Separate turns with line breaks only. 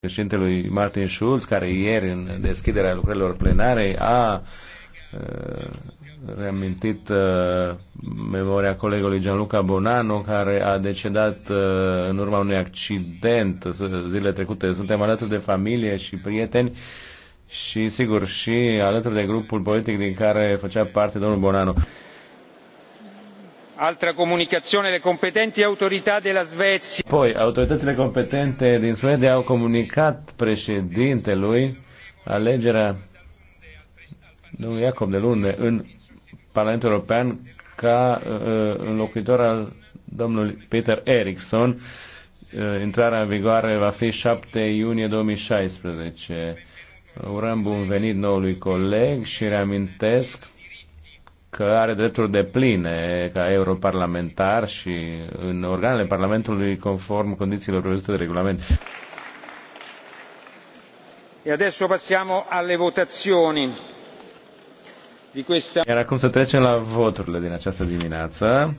președintelui Martin Schulz, care ieri în deschiderea lucrărilor plenare a uh, reamintit uh, memoria colegului Gianluca Bonano, care a decedat uh, în urma unui accident zilele trecute. Suntem alături de familie și prieteni și, sigur, și alături de grupul politic din care făcea parte domnul Bonano.
Altra comunicazione, le
competenti autorità della Svezia. Poi, autoritățile competente din Suedia au comunicat președintelui alegerea domnului Jacob de Lunde în Parlamentul European ca uh, uh înlocuitor al domnului Peter Eriksson. Uh, intrarea în vigoare va fi 7 iunie 2016. Urăm bun venit noului coleg și reamintesc că are drepturi de pline ca europarlamentar și în organele Parlamentului conform condițiilor prevăzute de regulament.
E adesso passiamo alle votazioni. Di questa... Iar
acum să trecem la voturile din această dimineață.